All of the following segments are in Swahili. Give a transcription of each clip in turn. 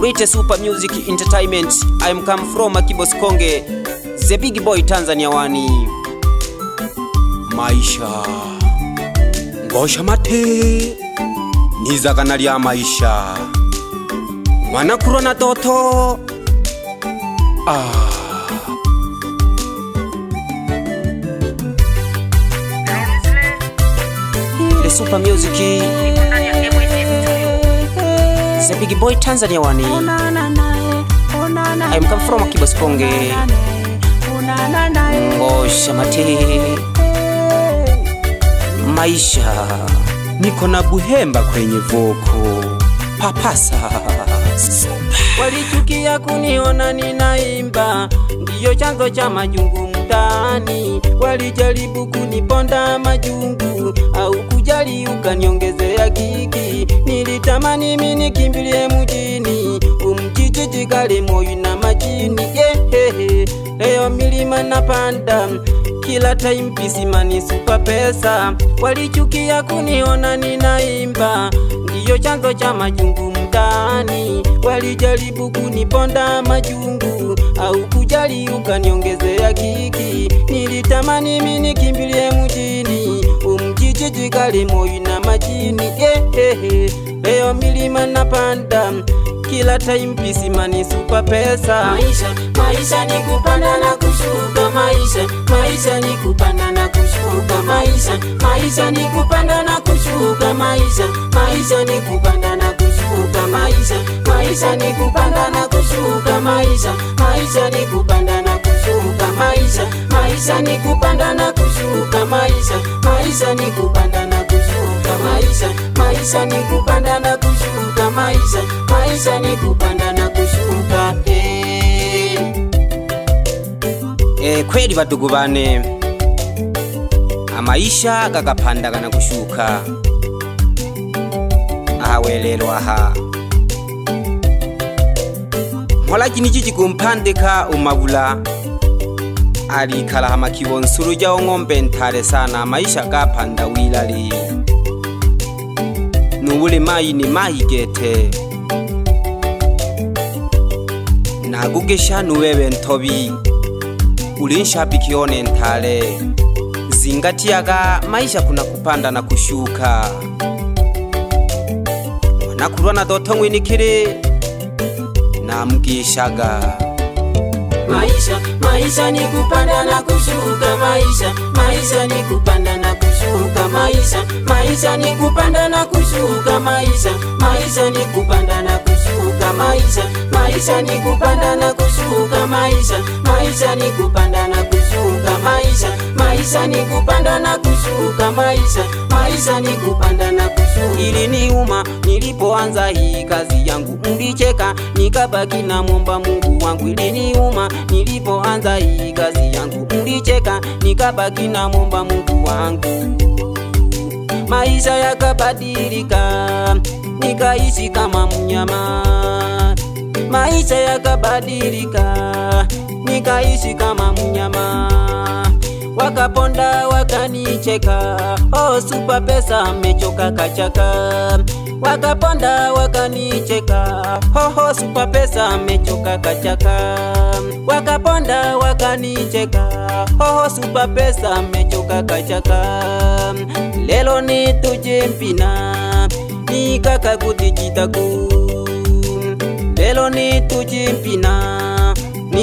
Rite Super Music Entertainment. I am come from Akibos Konge, the big boy Tanzania wani maisha ngosha mate nizagana lya maisha mwana na toto ah. Super Music is a big boy Tanzania wani. I'm come from Akiba Sponge. Oh, shamati. Maisha. Niko na buhemba kwenye voko. Papasa. Walichukia kuniona ninaimba, ndiyo chanzo cha majungu mtaani. Walijaribu kuniponda majungu au mbali, ukaniongezea kiki. Nilitamani mimi nikimbilie mjini, umjijiji kale moyo na majini. Ehehe, leo milima napanda kila time kisimani super pesa, walichukia kuniona ninaimba, ndiyo chanzo cha majungu mtaani. Walijaribu kuniponda majungu, au kujali ukaniongezea kiki. Nilitamani mimi nikimbilie mjini kijiji Kalimuyi na majini eh, eh, eh, Leo milima na panda kila time pisima ni super pesa. Maisha, maisha ni kupanda na kushuka. Maisha, maisha ni kupanda na kushuka. Maisha, maisha ni kupanda na kushuka. Maisha, maisha ni kupanda na kushuka. Maisha, maisha ni kupanda na kushuka. Maisha, maisha ni kupanda na kushuka. Maisha, maisha ni kupanda na kushuka. maisha, maisha ni kupanda na kushuka, maisha, maisha ni kupanda na kushuka, maisha, maisha ni kupanda na kushuka. Eh, eh kweli badugu bane amaisha gagapanda kana kushuka ahawe aha mholaki nicho kikumpandika umabula alikala hama kiwonsuru jao ng'ombe ntale sana maisha gapanda wilali nuwuli mayi ni mayigete nagugisha nuwewe ntobi ulinshabikione ntale zingatiyaga maisha kuna kupanda na kushuka mwanakulwa na doto ngwinikili namgishaga maisha ni kupanda na kushuka, maisha maisha ni kupanda na kushuka, maisha maisha ni kupanda na kushuka, maisha maisha ni kupanda na kushuka, maisha maisha ni kupanda na kushuka, maisha maisha ni kupanda na kushuka, maisha Maisha ni kupanda na kushuka, maisha maisha ni kupanda na kushuka. Iliniuma nilipoanza hii kazi yangu, mlicheka nikabaki na mwomba Mungu wangu. ili ni uma nilipoanza hii kazi yangu, mlicheka nikabaki na momba Mungu wangu. Maisha yakabadilika, nikaishi kama mnyama. Maisha yakabadilika, nikaishi kama mnyama wakaponda wakanicheka, oh Super Pesa amechoka kachaka. Wakaponda wakanicheka, hoho oh, Super Pesa amechoka kachaka. Wakaponda wakanicheka, hoho oh, Super Pesa amechoka kachaka. Lelo ni tuje mpina ni kaka nikakakutichitaku, lelo ni tuje mpina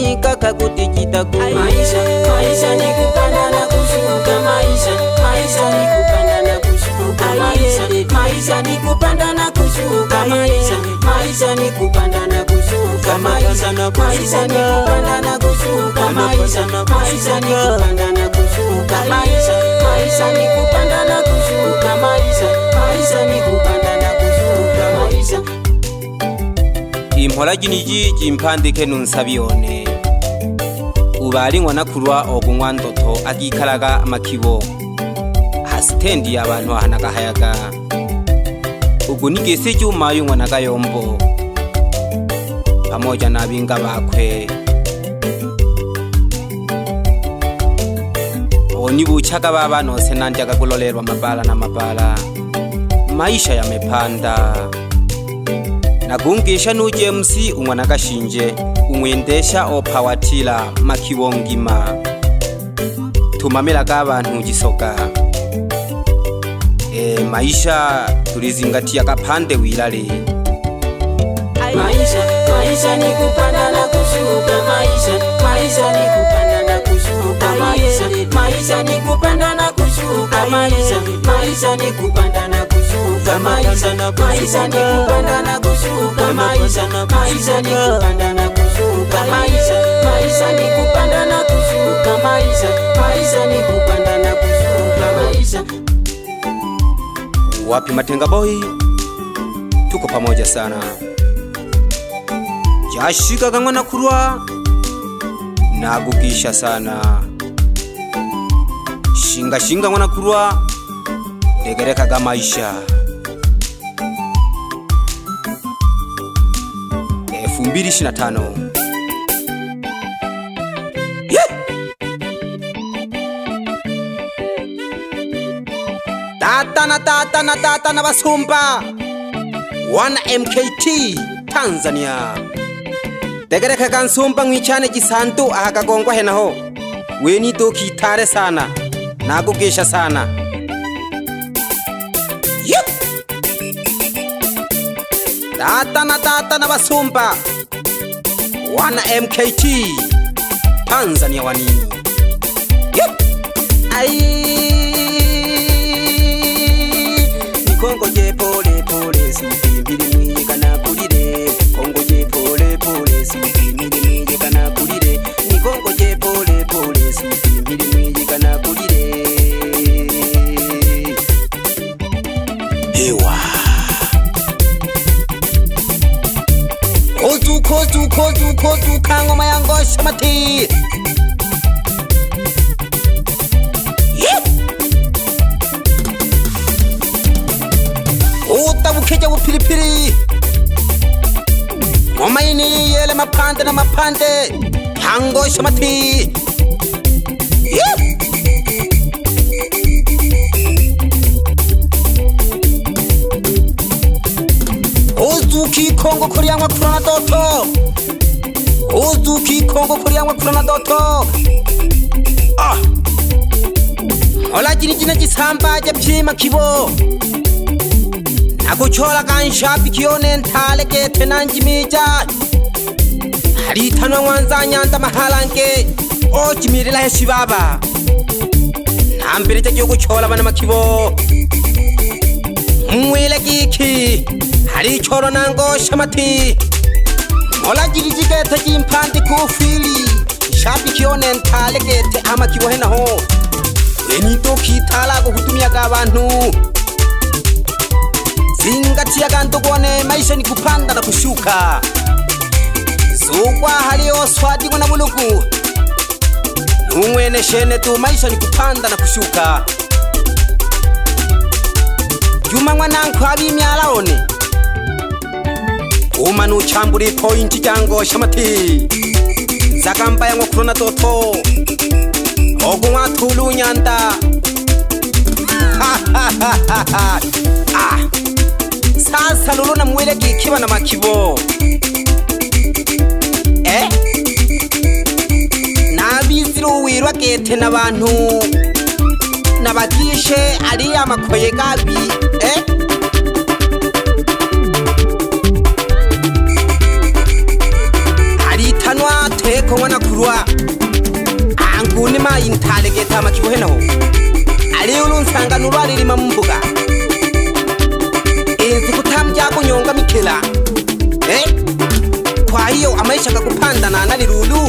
mikaka kutikita ku maisha, maisha ni kupanda na kushuka maisha, maisha ni kupanda na kushuka maisha, maisha ni kupanda na kushuka maisha, maisha ni kupanda na kushuka maisha, maisha ni kupanda na kushuka maisha, maisha ni kupanda na nkolagini jiji mpandike nunsabyone Ubali ngwanakulwa ogungwa ndoto agikalaga makibo hasitendi hanaka ahanakahayaga ugu nigese mayu nwanaka yombo pamoja na abinga bakwe Onibu uchaka baba nose nandyaga kulolerwa mabala na mabala maisha ya mepanda nagungisha nuje msi umwana gashinje umwendesha opawatila makiwongima tumamela k'abantu gisoka e, maisha tulizingatiya kapande wilale maisha, maisha ni kupanda na kushuka maisha, maisha ni kupanda na kushuka maisha, maisha ni kupanda na kushuka maisha, maisha ni kupanda na kushuka kushuka, maisha na maisha ni kupanda na kushuka, maisha na maisha ni kupanda na kushuka, maisha maisha ni kupanda na kushuka, maisha maisha ni kupanda na kushuka, maisha. Wapi Matenga Boy, tuko pamoja sana jashika na kurwa nagukisha sana shinga shinga ng'wana kurwa degerekaga maisha. elfu mbili ishirini na tano tata na tata na tata na basumba wana MKT Tanzania degerekaga nsumba ngwichane jisantu ahakagongwa henaho weni tukitare sana nagugesha sana tatana tatana vasumba wana mkt tanzania wanini yep. kozukozuka ngoma ya ngosha mati utabukeja bupilipili ngoma yini yele mapande na mapande ya ngosha mati uzuki kongo kuri yanwa kurana doto uzuki kongo kuri yanwa kurana doto ah ola jini jina jisamba ja pima kibo na kuchola kansha pikione ntale kete na njimija halitanwa nwanza nyanda mahala nge ojimirila heshi baba na mbele jajyo kuchola bana makibo mwele giki hari choro nango shamati mola jiriji gete jimpanti kufili shabi kione ntale gete ama kibohe naho enito kitala guhutumiaga abantu gando ndogone maisha ni kupanda na kushuka zugwa haliyo swadigwa na bulugu numwene shene tu maisha ni kupanda na kushuka yumanwa nankwabimyala one uma nuchambula ipointi jyangosha mati zakambayangwa kulona toto ogu ngwatula unyanda ah. sasa lulo namwile gikiba na makibo eh? nabizile uwirwa gete na bantu nabagishe ariya makoye gabi mayi nthalekeetha amatchiko enawo ali ulu nsanganulo alilima mmbuka inzi kuthamja akunyonga mikhila e eh? kwa iyo amaisha kakuphanda nana lilulu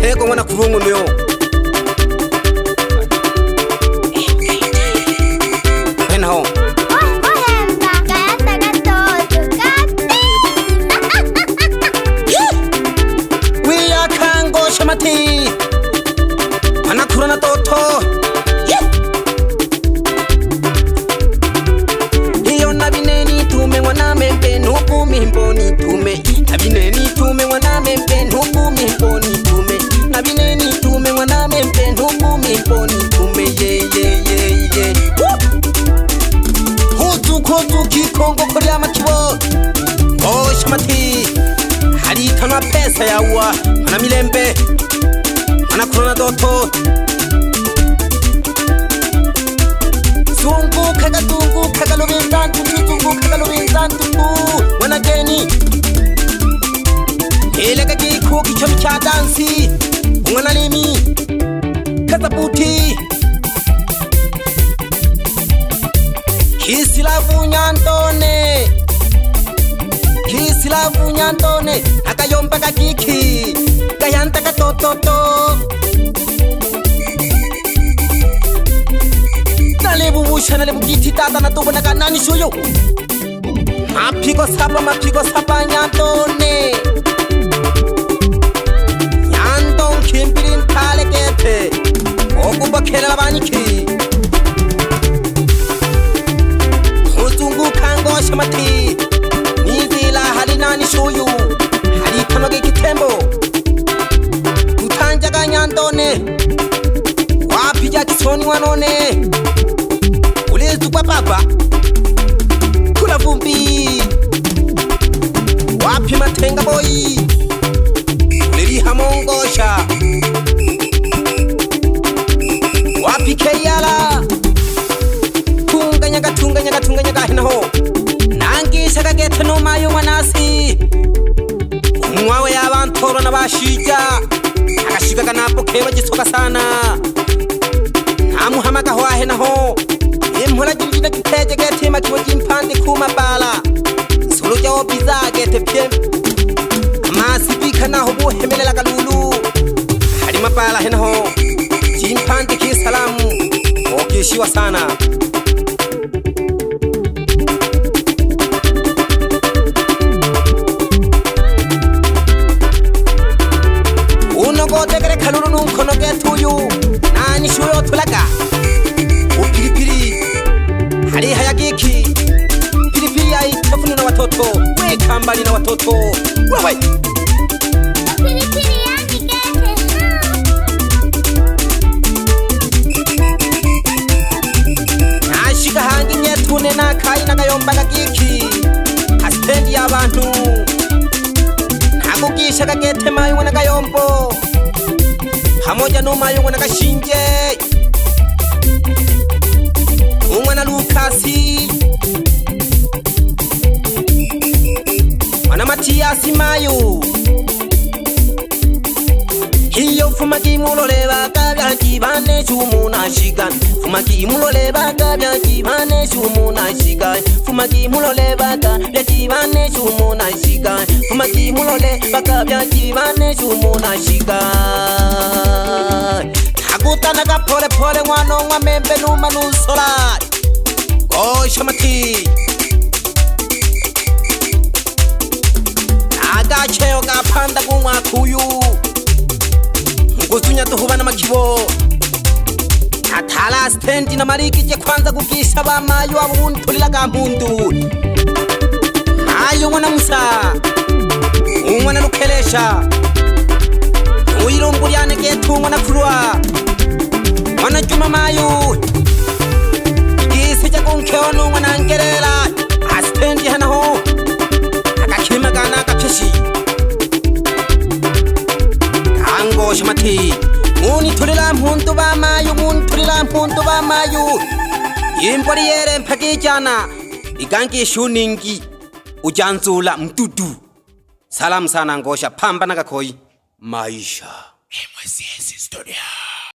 thekomwana khulungunuyo pempe mana khulana totho sungu khaka tungu khaka lobe tantu tungu khaka lobe tantu tu mana geni hele ka ki khuki chami cha dansi ungana limi kata puti kisila vunyantone isi lavunya ntone akayomba kakiki kayanta katototo nalevuvusha na levukithi tata na tuvonaka nani shuyu maphiko sapa maphiko sapa nyantone nyanto nkhimpili nthalekete okubokhelela vanyiki kuzungukha ngoxa mathii shuyu alitanoga igitembo utanjaganyandone wapijatisoniwa none ulizugwa baba kulavumbi wapimatenga boyi bashikaga napoke bagisoka sana ntamuhamaga aho ahenaho imporagirigina gitege getema bala gimpande kumabala surujawo bizagete pye amasibika naho buhemelelaga lulu hari mabala henaho gimpande kisalamu okishiwa sana nyinshi yotulaga upilipili haliha ya giki pilipili yai tafunina watoto wekambali na watoto wewe shinge umwana lukasi mwana matiyasi mayu hiyo fumakimulolevakavyakivane cumuna shigai fumakimulolevakavyakivane cumuna shigai fumakimulolevaka vyakivane cumuna shigai fumakimulolevaka vyakivane cumuna shigai kutana ka pole pole ngwana ngwa membe no manu solari go shamati aga cheo ka panda ku ngwa kuyu ngusunya to huba na makibo athala stendi na mariki ke kwanza kukisha ba mayo abuntulila ka mundu ayo ngwana musa ungwana lukhelesha uyilo mbulyane ke thungwa na khulwa ngwana ke mamayo ke setse go nke wa no ngwana nkelela a stendi hana ho a ka khema kana ka phishi ango shmathi moni thulela mhuntu ba mayo mun thulela mhuntu ba mayo yimpori yere mphaki jana ikanki shuningi ujantsula mtutu salam sana ngosha pamba nakakhoyi maisha hey, mwesiesi studio